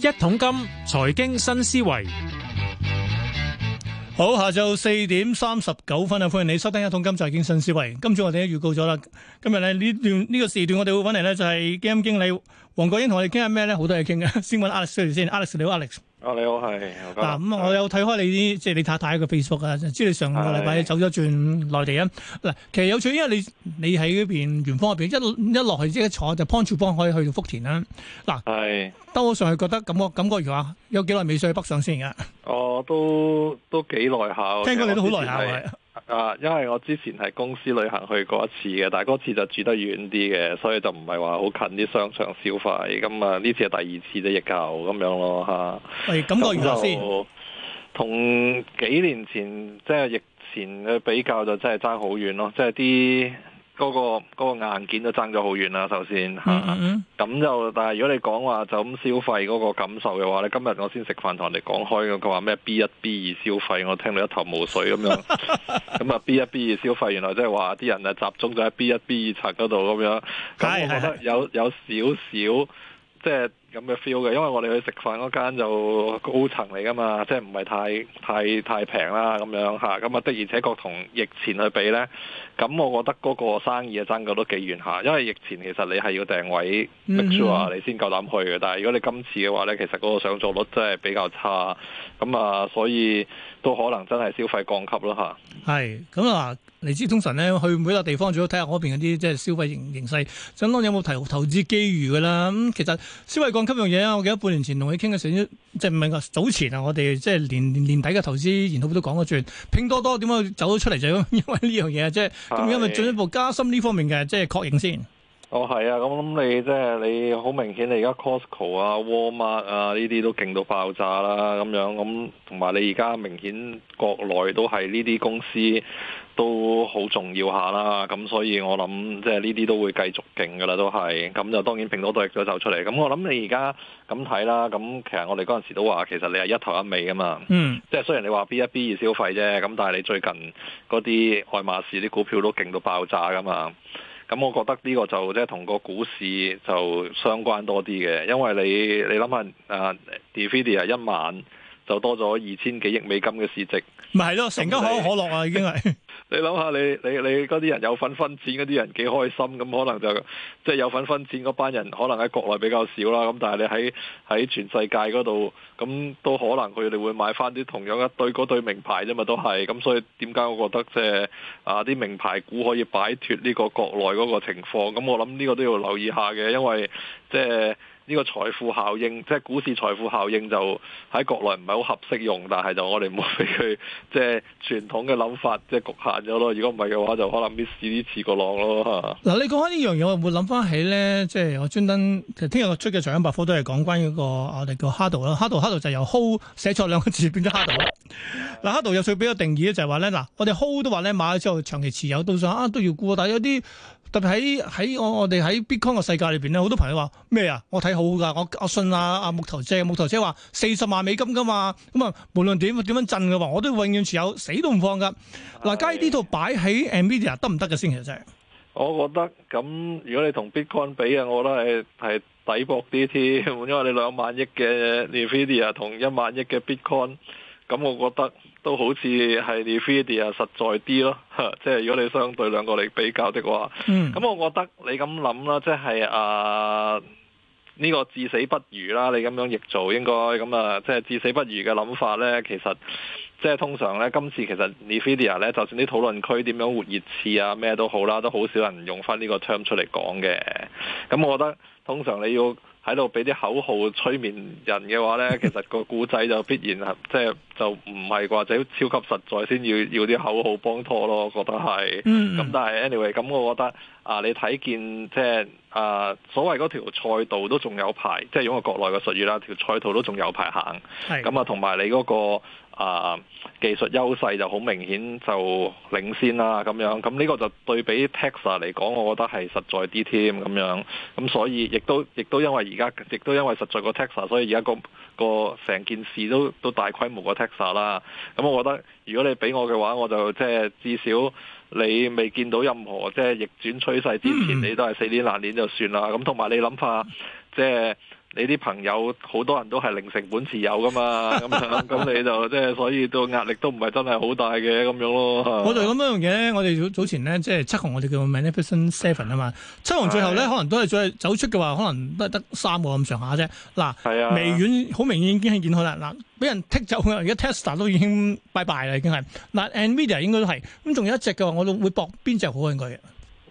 一桶金財經新思維，好，下晝四點三十九分啊！歡迎你收聽一桶金財經新思維。今朝我哋都預告咗啦，今日咧呢段呢、這個時段我哋會搵嚟呢，就係基金經理黃國英同我哋傾下咩咧？好多嘢傾啊！先揾 Alex 先，Alex 你好 Alex。哦，你好係嗱，咁我,、啊、我有睇開你啲，即、就、係、是、你太太嘅 Facebook 啊，知你上個禮拜走咗轉內地啊。嗱，其實有趣，因為你你喺邊元芳嗰邊，一一落去即刻坐就 point to point 可以去到福田啦。嗱、啊，都是我上去覺得感覺感覺如話，有幾耐未上去北上先嘅。哦，都都幾耐下， 聽講你都好耐下係。 啊，因為我之前係公司旅行去過一次嘅，但係嗰次就住得遠啲嘅，所以就唔係話好近啲商場消費咁啊。呢次係第二次嘅疫情咁樣咯嚇。係、哎、感覺如何就先？同幾年前即係疫前嘅比較，就真係爭好遠咯，即係啲。嗰、嗰個嗰個硬件都爭咗好遠啦，啊，首先嚇。咁、mm hmm. 啊、就但係如果你講話就咁消費嗰個感受嘅話咧，你今日我先食飯同你講開嘅，佢話咩 B 一 B 二消費，我聽到一頭霧水咁樣。咁啊 B 一 B 二消費，原來即係話啲人啊集中咗喺 B 一 B 二層嗰度咁樣。咁我覺得有 有少少即係。咁嘅 feel 嘅，因為我哋去食飯嗰間就高層嚟噶嘛，即係唔係太太太平啦咁樣嚇，咁啊的而且確同疫情去比咧，咁我覺得嗰個生意嘅增長都幾遠嚇，因為疫情其實你係要訂位啊、嗯、你先夠膽去嘅，但係如果你今次嘅話咧，其實嗰個上座率真係比較差，咁啊所以都可能真係消費降級啦嚇。係，咁啊，嚟之通常咧去每個地方最好睇下嗰邊嗰啲即係消費形形勢，相當有冇投投資機遇噶啦。咁、嗯、其實消費降。咁樣嘢啊，我記得半年前同你傾嘅時，即係唔係話早前啊，我哋即係年年底嘅投資研討都講咗轉，拼多多點解走咗出嚟，就因為呢樣嘢，即係咁而家咪進一步加深呢方面嘅即係確認先。哦，係啊，咁你即係你好明顯，你而家 Costco 啊、Walmart 啊呢啲都勁到爆炸啦，咁樣咁，同埋你而家明顯國內都係呢啲公司。都好重要下啦，咁所以我諗，即係呢啲都會繼續勁噶啦，都係。咁就當然拼多多亦都走出嚟。咁我諗你而家咁睇啦，咁其實我哋嗰陣時都話，其實你係一頭一尾噶嘛。嗯。即係雖然你話 B 一 B 二消費啫，咁但係你最近嗰啲愛馬仕啲股票都勁到爆炸噶嘛。咁我覺得呢個就即係同個股市就相關多啲嘅，因為你你諗下啊，Nvidia 係一晚就多咗二千幾億美金嘅市值。唔係咯，成間可口可樂啊，已經係。 你諗下，你你你嗰啲人有份分錢，嗰啲人幾開心咁，可能就即係有份分錢嗰班人，可能喺國內比較少啦。咁但係你喺喺全世界嗰度，咁都可能佢哋會買返啲同樣一對嗰對名牌啫嘛，都係。咁所以點解我覺得即係啊啲名牌股可以擺脫呢個國內嗰個情況？咁我諗呢個都要留意下嘅，因為即係。呢個財富效應，即係股市財富效應，就喺國內唔係好合適用，但係就我哋唔好俾佢即係傳統嘅諗法，即係侷限咗咯。如果唔係嘅話，就可能 miss 啲次過浪咯。嗱，你講開呢樣嘢，我會諗翻起咧，即係我專登聽日我出嘅財經百科都係講關於一個，我哋、啊、叫 HODL 啦 HODL HODL 就由 hold 寫錯兩個字變咗 HODL 嗱 HODL 有最俾個定義咧，就係話咧，嗱，我哋 hold 都話咧買咗之後長期持有，到時啊都要沽，但係有啲特別喺喺我我哋喺 Bitcoin 嘅世界裏邊咧，好多朋友話咩啊？我睇好噶，我阿信阿阿木頭姐，木頭姐話四十萬美金噶嘛，咁啊無論點點樣震嘅話，我都永遠持有，死都唔放噶。嗱是，街呢度擺喺 Nvidia 得唔得嘅先其實？我覺得咁，如果你同 Bitcoin 比啊，我都係係抵博啲啲，因為你兩萬億嘅 Nvidia 同一萬億嘅 Bitcoin。咁我覺得都好似係 Nvidia 實在啲咯，即係如果你相對兩個嚟比較的話，咁我覺得你咁諗啦，即係啊呢個至死不渝啦，你咁樣譯做應該咁啊，即係至死不渝嘅諗法呢，其實即係通常呢，今次其實 Nvidia 咧，就算啲討論區點樣活熱刺啊咩都好啦，都好少人用翻呢個 term 出嚟講嘅，咁我覺得通常你要，喺度俾啲口號催眠人嘅話呢，其實個故仔就必然啊，即係就唔係話者超級實在先要要啲口號幫拖咯，覺得係。咁、mm hmm. 但係 anyway，咁我覺得啊、呃，你睇見即係啊、呃，所謂嗰條賽道都仲有排，即係用個國內嘅術語啦，條賽道都仲有排行。咁啊、mm，同、hmm. 埋、嗯、你嗰、嗰個。啊，uh, 技術優勢就好明顯就領先啦，咁樣咁呢個就對比 Tesla 嚟講，我覺得係實在啲添，咁樣咁所以亦都亦都因為而家亦都因為實在個 Tesla 所以而家個個成件事都都大規模個 Tesla 啦。咁我覺得如果你俾我嘅話，我就即係至少你未見到任何即係逆轉趨勢之前，你都係四年難年就算啦。咁同埋你諗下，即係。你啲朋友好多人都係零成本持有噶嘛，咁咁 你就即係所以都壓力都唔係真係好大嘅咁樣咯。 我哋咁樣嘅咧，我哋早前咧即係七雄，我哋叫咩咧 Magnificent Seven 啊嘛，七雄最後咧、啊、可能都係再走出嘅話，可能都係得三個咁上下啫。嗱、啊，啊、微軟好明顯已經係見好啦。嗱、啊，俾人剔走啊，而家 Tesla 都已經拜拜啦，已經係嗱、啊，Nvidia 應該都係。咁、啊、仲有一隻嘅話，我都會會博邊隻好應該嘅？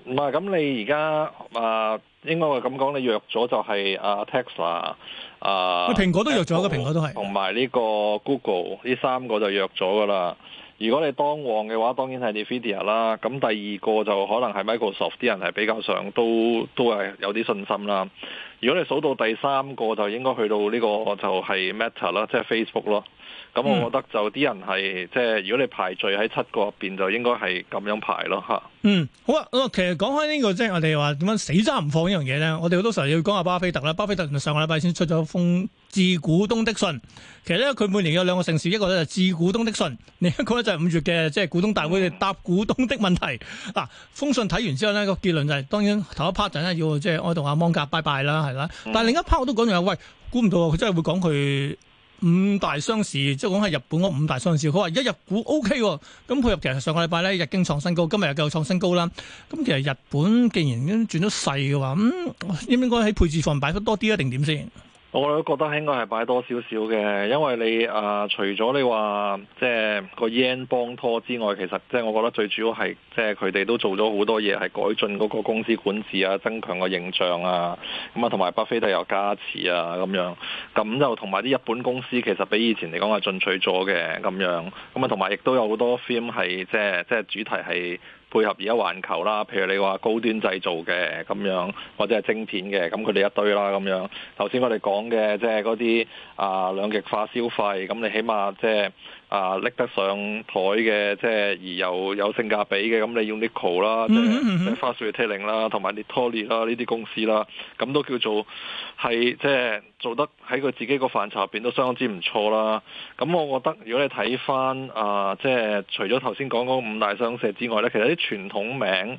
唔係，咁、嗯、你而家啊，應該係咁講，你約咗就係、是、啊 Texas 啊蘋，蘋果都約咗嘅，蘋果都係同埋呢個 Google，呢三個就約咗㗎啦。如果你當旺嘅話，當然係你 Nvidia 啦。咁第二個就可能係 Microsoft 啲人係比較上都都係有啲信心啦。如果你數到第三個，就應該去到呢個就係 Meta 啦，即係 Facebook 咯。咁我覺得就啲人係即係如果你排序喺七個入邊，就應該係咁樣排咯吓？嗯，好啊。其實講開呢個即係我哋話點樣死揸唔放呢樣嘢咧？我哋好多時候要講下巴菲特啦。巴菲特上個禮拜先出咗封。致股東的信，其實咧佢每年有兩個盛事，一個咧就致股東的信，另一個咧就係、是、五月嘅即係股東大會，係答股東的問題。嗱、啊，封信睇完之後呢個結論就係、是，當然頭一 part 就咧要即係我同阿芒格拜拜啦，係啦。但係另一 part 我都講住喂，估唔到佢真係會講佢五大商事，即係講係日本嗰五大商事。佢話而家日股 O K，咁配合其實上個禮拜咧日經創新高，今日又夠創新高啦。咁、嗯、其實日本既然已經轉咗勢嘅話，咁、嗯、應唔應該喺配置上擺多啲啊，定點先？我都覺得應該係擺多少少嘅，因為你啊、呃，除咗你話即係個 yen 幫拖之外，其實即係我覺得最主要係即係佢哋都做咗好多嘢，係改進嗰個公司管治啊，增強個形象啊，咁、嗯、啊，同埋巴菲特有加持啊咁樣，咁就同埋啲日本公司其實比以前嚟講係進取咗嘅咁樣，咁、嗯、啊，同埋亦都有好多 film 係即係即係主題係。配合而家環球啦，譬如你話高端製造嘅咁樣，或者係晶片嘅咁，佢哋一堆啦咁樣。頭先我哋講嘅即係嗰啲啊兩極化消費，咁你起碼即係。就是啊，拎得上枱嘅，即係而又有，有性價比嘅，咁你用尼康啦， 即係花絮嘅 T 零啦，同埋尼托利啦，呢啲公司啦，咁都叫做係即係做得喺佢自己個範疇入邊都相當之唔錯啦。咁我覺得如果你睇翻啊，即係除咗頭先講嗰五大商社之外咧，其實啲傳統名，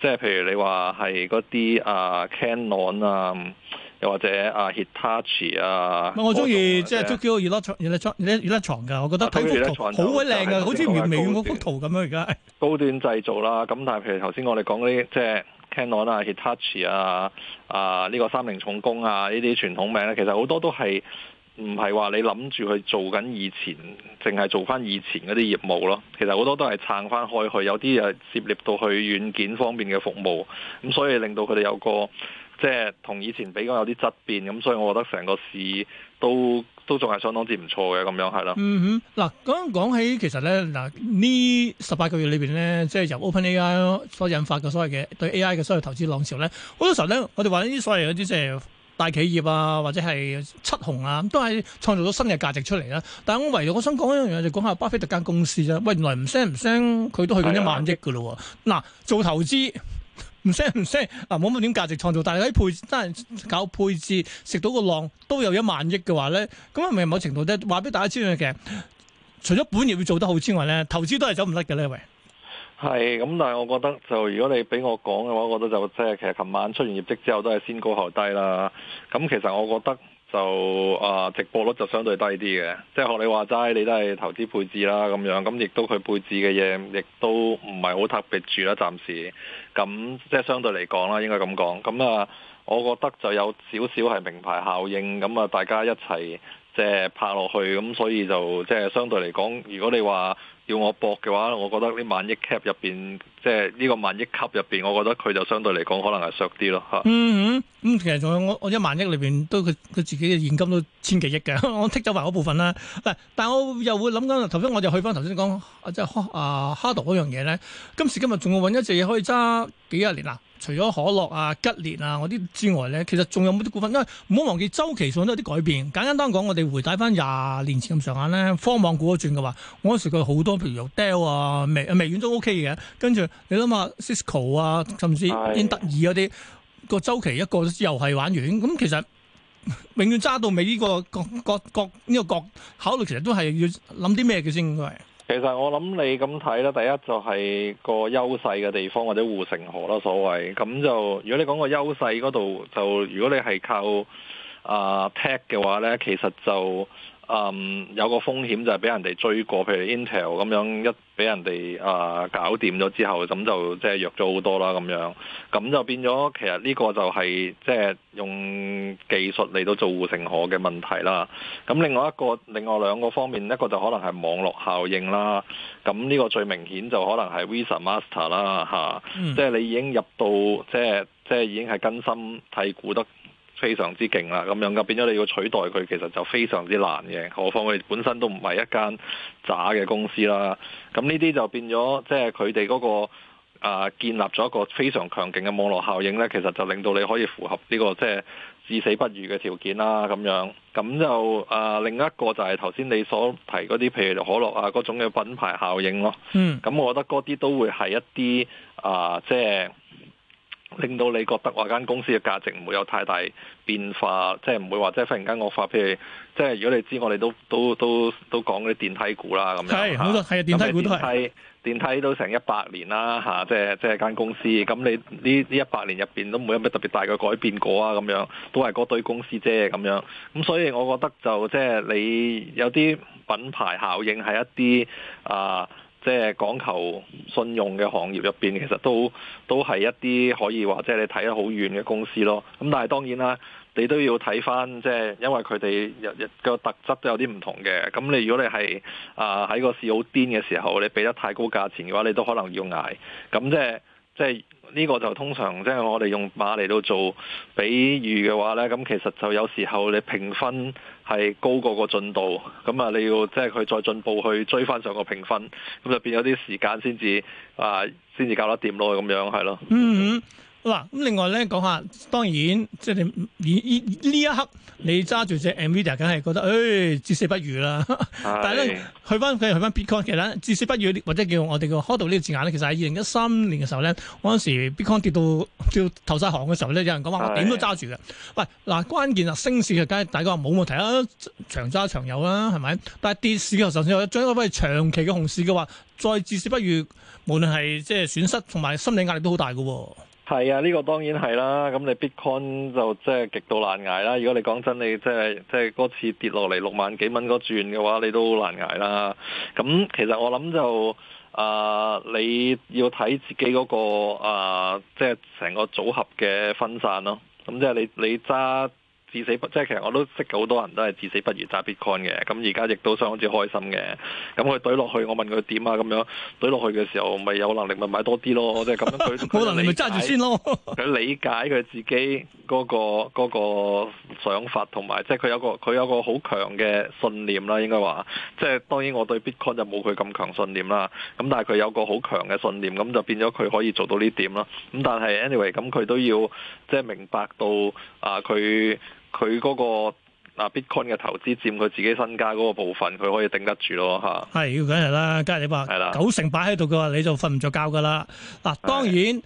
即係譬如你話係嗰啲啊 Canon 啊。或者啊 Hitachi 啊，ah, Hitachi, ah, 我中意即係聚焦於甩床、於甩床、於甩床㗎，我覺得睇好鬼靚啊，好似唔係微幅圖咁樣而家。嗯、高端製造啦，咁、嗯、但係譬如頭先我哋講嗰啲即係 Canon 啊、Hitachi 啊、啊呢、呢個三菱重工啊呢啲、啊、傳統名咧，其實好多都係唔係話你諗住去做緊以前，淨係做翻以前嗰啲業務咯。其實好多都係撐翻開去，有啲誒涉獵到去軟件方面嘅服務，咁所以令到佢哋有個。即係同以前比較有啲質變，咁所以我覺得成個市都都仲係相當之唔錯嘅咁樣係咯。嗯哼，嗱，講講起其實咧，嗱呢十八個月裏邊咧，即係由 OpenAI 所引發嘅所謂嘅對 AI 嘅所謂投資浪潮咧，好多時候咧，我哋話呢啲所謂有啲即係大企業啊，或者係七雄啊，都係創造咗新嘅價值出嚟啦。但係我唯獨我想講一樣嘢，就講下巴菲特間公司啫。喂，原來唔聲唔聲，佢都去到一萬億㗎咯喎。嗱、啊，做投資。唔識唔識，嗱，冇乜點價值創造，但係喺配真係搞配置，食到個浪都有一萬億嘅話咧，咁係咪某程度咧？話俾大家知嘅。其實，除咗本業要做得好之外咧，投資都係走唔甩嘅呢位。係，咁但係我，我，我覺得就如果你俾我講嘅話，我覺得就即係其實琴晚出完業績之後都係先高後低啦。咁其實我覺得。就啊，呃，直播率就相對低啲嘅，即係學你話齋，你都係投資配置啦，咁樣咁亦都佢配置嘅嘢，亦都唔係好特別住啦，暫時咁即係相對嚟講啦，應該咁講咁啊，我覺得就有少少係名牌效應，咁啊大家一齊。即係拍落去，咁所以就即係相對嚟講，如果你話要我搏嘅話，我覺得呢萬億 cap 入邊，即係呢個萬億級入邊，我覺得佢就相對嚟講可能係削啲咯嚇。嗯嗯，咁其實仲有我我一萬億裏邊都佢佢自己嘅現金都千幾億嘅，我剔走埋嗰部分啦。唔但係我又會諗緊頭先，我哋去翻頭先講即係啊 Hodl 嗰、啊、樣嘢咧，今時今日仲要揾一隻嘢可以揸幾十年啊？除咗可樂啊、吉列啊嗰啲之外咧，其實仲有冇啲股份？因為唔好忘記週期上都有啲改變。簡簡單講，我哋回帶返廿年前咁上下咧，科網股嗰轉嘅話，我嗰時佢好多譬如 Dell 啊微、微軟都 O K 嘅。跟住你諗下 Cisco 啊，甚至英特爾嗰啲個週期一個又係玩完。咁其實永遠揸到尾呢、呢個角，角角呢個角考慮，其實都係要諗啲咩嘅先嘅。應其實我諗你咁睇咧，第一就係個優勢嘅地方或者護城河啦，所謂咁就如果你講個優勢嗰度，就如果你係靠啊 tech 嘅話咧，其實就。誒、um, 有個風險就係俾人哋追過，譬如 Intel 咁樣一俾人哋誒、呃、搞掂咗之後，咁就即係弱咗好多啦咁樣，咁就變咗其實呢個就係、是、即係用技術嚟到做護城河嘅問題啦。咁另外一個、另外兩個方面，一個就可能係網絡效應啦。咁呢個最明顯就可能係 Visa、Master 啦嚇，嗯、即係你已經入到即係即係已經係根深蒂固得。非常之勁啦，咁樣咁變咗你要取代佢，其實就非常之難嘅。何況佢哋本身都唔係一間渣嘅公司啦。咁呢啲就變咗，即係佢哋嗰個、呃、建立咗一個非常強勁嘅網絡效應咧，其實就令到你可以符合呢個即係至死不渝嘅條件啦。咁樣咁就啊，另一個就係頭先你所提嗰啲，譬如可樂啊嗰種嘅品牌效應咯。嗯，咁我覺得嗰啲都會係一啲啊、呃，即係。令到你覺得話間公司嘅價值唔會有太大變化，即係唔會話即係忽然間惡化。譬如即係如果你知我哋都都都都講啲電梯股啦，咁樣嚇。係、啊，啊，電梯股都係。電梯都成一百年啦，嚇、啊！即係即係間公司。咁你呢呢一百年入邊都冇有咩特別大嘅改變過啊？咁樣都係嗰堆公司啫。咁樣咁、啊，所以我覺得就即係你有啲品牌效應係一啲啊。即係講求信用嘅行業入邊，其實都都係一啲可以話即係你睇得好遠嘅公司咯。咁但係當然啦，你都要睇返即係因為佢哋個特質都有啲唔同嘅。咁你如果你係啊喺個市好癲嘅時候，你俾得太高價錢嘅話，你都可能要捱。咁即係。即係呢個就通常即係、就是、我哋用馬嚟到做比喻嘅話呢，咁其實就有時候你評分係高過個進度，咁啊你要即係佢再進步去追翻上個評分，咁就變咗啲時間先至啊，先至搞得掂咯，咁樣係咯。嗯，嗯。嗱，咁另外咧，講下，當然即係你呢一刻，你揸住隻 Nvidia，梗係覺得誒、欸，至死不渝啦。 但係咧，去翻佢去翻 Bitcoin，其實至死不渝或者叫我哋個 Hodl 呢個字眼咧，其實喺二零一三年嘅時候咧，嗰陣時 Bitcoin 跌到掉頭晒行嘅時候咧，有人講話我點都揸住嘅。喂是，嗱、哎，關鍵啊，升市嘅梗係大家話冇問題啦、啊，長揸長有啦、啊，係咪？但係跌市嘅時候，甚至係將一翻去長期嘅熊市嘅話，再至死不渝，無論係即係損失同埋心理壓力都好大嘅、啊。係啊，呢個當然係啦。咁你 Bitcoin 就即係極度難捱啦。如果你講真，你即係即係嗰次跌落嚟六萬幾蚊嗰轉嘅話，你都好難捱啦。咁其實我諗就啊、呃，你要睇自己嗰個啊、呃，即係成個組合嘅分散咯。咁即係你你揸。自死不即係，其實我都識好多人都係至死不渝揸 Bitcoin 嘅。咁而家亦都相當之開心嘅。咁佢懟落去，我問佢點啊咁樣懟落去嘅時候，咪有能力咪買多啲咯？即係咁樣佢冇能力咪揸住先咯。佢理解佢 自己嗰個嗰個想法同埋，即係佢有個佢有個好強嘅信念啦。應該話，即係當然我對 Bitcoin 就冇佢咁強信念啦。咁但係佢有個好強嘅信念，咁就變咗佢可以做到呢點啦。咁但係 anyway，咁佢都要即係明白到啊佢。佢嗰個嗱 Bitcoin 嘅投資佔佢自己身家嗰個部分，佢可以頂得住咯嚇。係要緊係啦，梗係你話係啦，九成擺喺度嘅話，你就瞓唔着覺噶啦。嗱，當然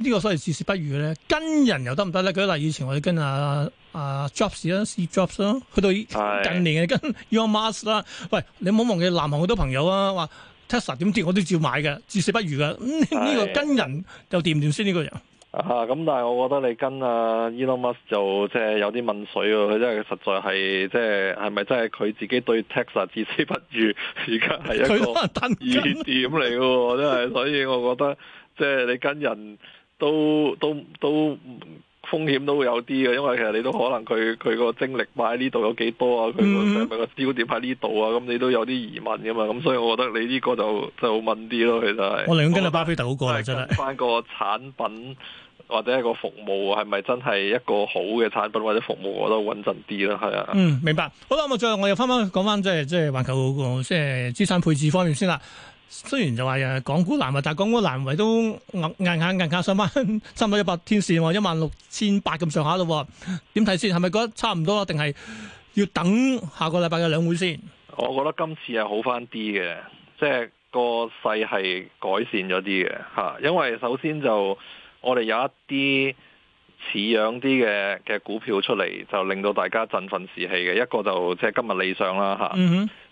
呢個所謂自事不如咧，跟人又得唔得咧？舉例以前我哋跟啊啊，啊 Jobs 咯，Steve Jobs 咯，去到近年嘅的跟 Elon Musk 啦。喂，你唔好忘記南韓好多朋友啊，話 Tesla 點跌我都照買嘅，自事不如噶。呢、嗯的嗯呢個跟人又掂唔掂先呢、呢個人呢？行啊咁，但係我覺得你跟啊、e、Elon Musk 就即係有啲問水喎，因為佢實在係即係係咪真係佢自己對 Tesla 置之不顧，而家係一個疑 點嚟嘅喎，真係，所以我覺得即係你跟人都都都唔。風險都會有啲嘅，因為其實你都可能佢佢個精力擺喺呢度有幾多啊？佢個係咪個焦點喺呢度啊？咁、mm hmm. 你都有啲疑問噶嘛？咁所以我覺得你呢個就就好穩啲咯，其實。我寧願跟住巴菲特好過嚟，真係。翻個產品或者一個服務係咪真係一個好嘅產品或者服務，我覺得穩陣啲啦，係啊。嗯，明白。好啦，咁啊，最後我又翻翻講翻即係即係環球個即係資產配置方面先啦。雖然就話誒港股難為，但係港股難為都硬硬下硬下上返，差唔多一百天線，一萬六千八咁上下咯。點睇先？係咪覺得差唔多啦？定係要等下個禮拜嘅兩會先？我覺得今次係好翻啲嘅，即係個勢係改善咗啲嘅吓。因為首先就我哋有一啲似樣啲嘅嘅股票出嚟，就令到大家振奮士氣嘅。一個就即係今日理想啦吓，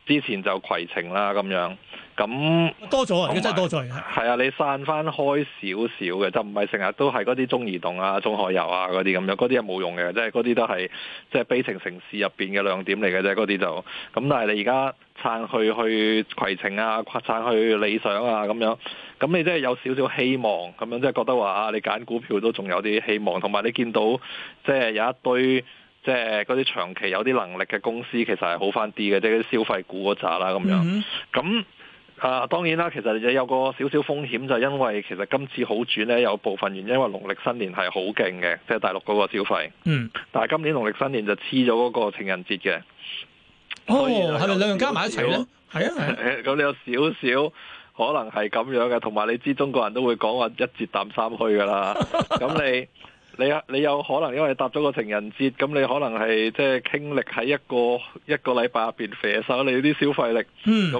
之前就攜程啦咁樣。咁多咗，而家真係多咗。係啊，你散翻開少少嘅，就唔係成日都係嗰啲中移動啊、中海油啊嗰啲咁樣，嗰啲係冇用嘅，即係嗰啲都係即係悲情城市入邊嘅亮點嚟嘅啫，嗰啲就咁。但係你而家撐去去攜程啊，撐去理想啊咁樣，咁你即係有少少希望咁樣，即係覺得話啊，你揀股票都仲有啲希望，同埋、即係、你見到即係、即係、有一堆即係嗰啲長期有啲能力嘅公司，其實係好翻啲嘅，即係啲消費股嗰扎啦咁樣咁。Mm hmm. 啊，當然啦，其實有個少少風險，就係、是、因為其實今次好轉呢，有部分原因因為農曆新年係好勁嘅，即、就、係、是、大陸嗰個消費。嗯。但係今年農曆新年就黐咗嗰個情人節嘅。哦，係咪兩樣加埋一齊咧？係 啊。咁、啊啊、 你有少少可能係咁樣嘅，同埋你知中國人都會講話一節淡三虛㗎啦。咁 你。你啊，你有可能因為搭咗個情人節，咁你可能係即係傾力喺一個一個禮拜入邊啡晒你啲消費力，咁、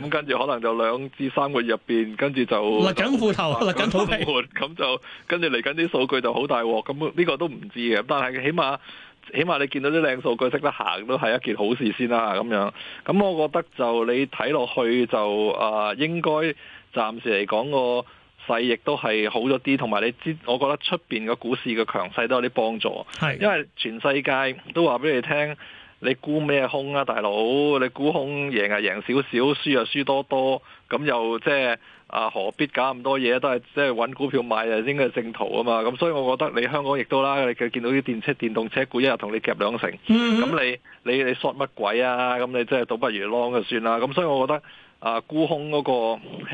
嗯、跟住可能就兩至三個月入邊，跟住就勒緊褲頭，勒緊肚皮，咁就跟住嚟緊啲數據就好大鑊，咁呢個都唔知嘅，但係起碼起碼你見到啲靚數據識得行都係一件好事先啦，咁樣。咁我覺得就你睇落去就啊、呃，應該暫時嚟講個勢亦都係好咗啲，同埋你知，我覺得出邊嘅股市嘅強勢都有啲幫助。係的，因為全世界都話俾你聽，你沽咩空啊，大佬，你沽空贏啊贏少少，輸啊輸多多，咁又即係啊何必搞咁多嘢？都係即係揾股票買啊，應該係正途啊嘛。咁所以我覺得你香港亦都啦，你見到啲電車、電動車股一日同你夾兩成，咁、嗯、哼你你你 short 乜鬼啊？咁你即係倒不如 long 就算啦。咁所以我覺得。啊，沽空嗰個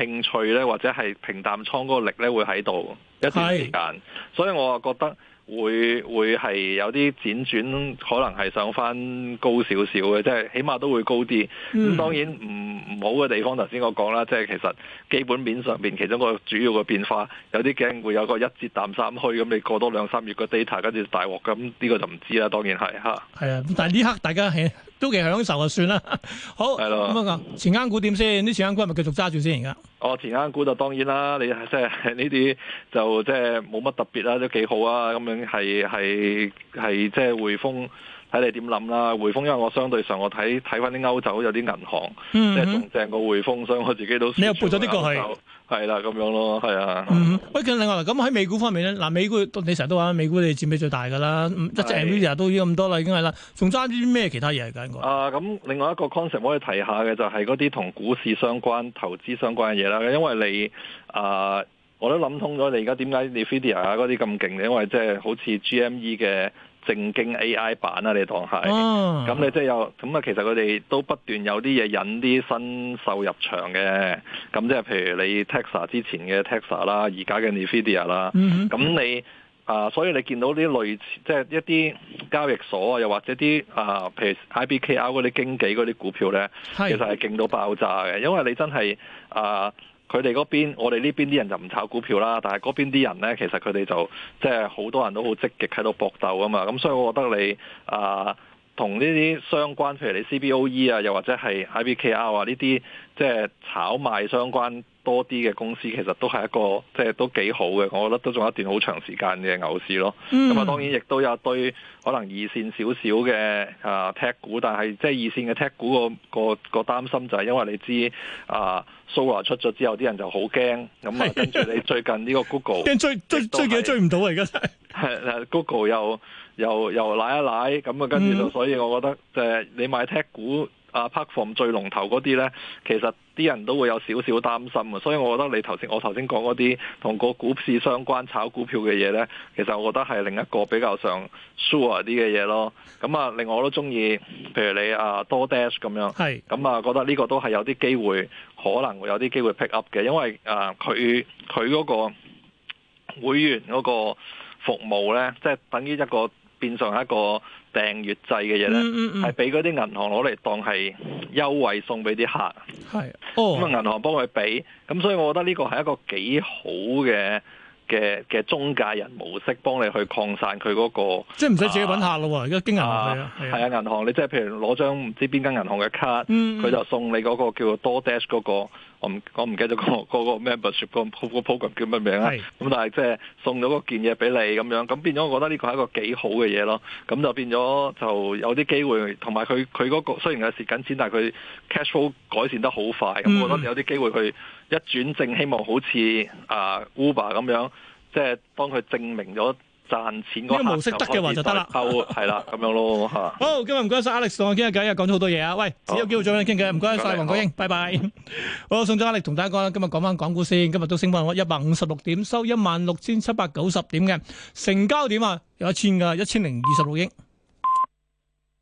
興趣咧，或者係平淡倉嗰個力咧，會喺度一段時間，是所以我覺得會會係有啲輾轉，可能係上翻高少少嘅，即係起碼都會高啲。咁、嗯、當然唔唔好嘅地方，頭先我講啦，即係其實基本面上面，其中個主要嘅變化，有啲驚會有一個一節淡三虛咁，你過多兩三月個 data 跟住大鑊，咁呢個就唔知啦。當然係嚇。係啊，啊，但係呢刻大家係。都幾享受就算啦。好，咁樣講，前坑股點先？啲前坑股係咪繼續揸住先而家？哦，前坑股就當然啦。你即係呢啲就即係冇乜特別啦，都幾好啊。咁樣係係係即係匯豐。睇你點諗啦？匯豐因為我相對上我睇睇翻啲歐洲有啲銀行，mm hmm. 即係仲正過匯豐，所以我自己都你又背咗啲過去，係啦咁樣咯，係啊。嗯、mm，喂、hmm. 的，另外咁喺美股方面咧，嗱美，美股你成日都話美股你佔比最大噶啦，的一隻 Nvidia 都已經咁多啦，已經係啦，仲揸啲咩其他嘢嘅？啊，咁另外一個 concept 我可以提下嘅就係嗰啲同股市相關、投資相關嘅嘢啦。因為你啊、呃，我都諗通咗你而家點解你 Nvidia 嗰啲咁勁嘅，因為即係好似 GME 嘅。正經 AI 版啊，你當係，咁、哦、你即係有，咁啊其實佢哋都不斷有啲嘢引啲新秀入場嘅，咁即係譬如你 Tesla 之前嘅 Tesla 啦，而家嘅 Nvidia 啦，咁、嗯、哼你啊、呃，所以你見到啲類似即係一啲交易所啊，又或者啲啊、呃、譬如 IBKR 嗰啲經紀嗰啲股票咧，是其實係勁到爆炸嘅，因為你真係啊。呃佢哋嗰邊，我哋呢邊啲人就唔炒股票啦。但係嗰邊啲人呢，其實佢哋就即係好多人都好積極喺度搏鬥啊嘛。咁所以我覺得你啊，同呢啲相關，譬如你 CBOE 啊，又或者係 IBKR 啊呢啲，即係炒賣相關。多啲嘅公司其實都係一個即係都幾好嘅，我覺得都仲有一段好長時間嘅牛市咯。咁啊、嗯、當然亦都有一堆可能二線少少嘅啊踢股，但係即係二線嘅踢股個個個擔心就係因為你知啊，Sora 出咗之後啲人就好驚，咁的啊跟住你最近呢個 Google 驚追追追嘅追唔到啊，而家係 Google 又又又瀨一瀨，咁啊跟住就、嗯、所以我覺得即係、就是、你買踢股。啊 Platform 最龍頭嗰啲呢，其實啲人都會有少少擔心啊，所以我覺得你頭先我頭先講嗰啲同個股市相關炒股票嘅嘢呢，其實我覺得係另一個比較上 sure 啲嘅嘢咯。咁啊，另外我都中意，譬如你啊 DoorDash 咁樣，係咁啊，覺得呢個都係有啲機會，可能會有啲機會 pick up 嘅，因為啊，佢佢嗰個會員嗰個服務呢，即係等於一個。變成一個訂閱制嘅嘢咧，係俾嗰啲銀行攞嚟當係優惠送俾啲客，係，咁啊銀行幫佢俾，咁所以我覺得呢個係一個幾好嘅嘅嘅中介人模式，幫你去擴散佢嗰個，即係唔使自己揾客咯，而家經下，行係啊，銀行你即係譬如攞張唔知邊間銀行嘅卡，佢就送你嗰個叫做多 Dash 嗰個。我唔，我唔記得個個個咩 membership 個 program 叫乜名啦。咁是、嗯、但係即係送咗嗰件嘢俾你咁樣，咁變咗我覺得呢個係一個幾好嘅嘢咯。咁就變咗就有啲機會，同埋佢佢嗰個雖然係蝕緊錢，但係佢 cash flow 改善得好快。咁我覺得有啲機會佢一轉正，希望好似啊、uh, Uber 咁樣，即、就、係、是、當佢證明咗。賺錢嗰個模式得嘅話就得啦，係啦，咁樣咯。好，今日唔該晒 Alex，同我傾一偈，今日講咗好多嘢啊。喂，只有機會再搵你傾偈，唔該晒黃國英，謝謝拜拜。好，好送咗 Alex 同大家講啦，今日講翻港股先，今日都升翻一百五十六點，收一萬六千七百九十點嘅，成交點啊，有一千嘅一千零二十六億。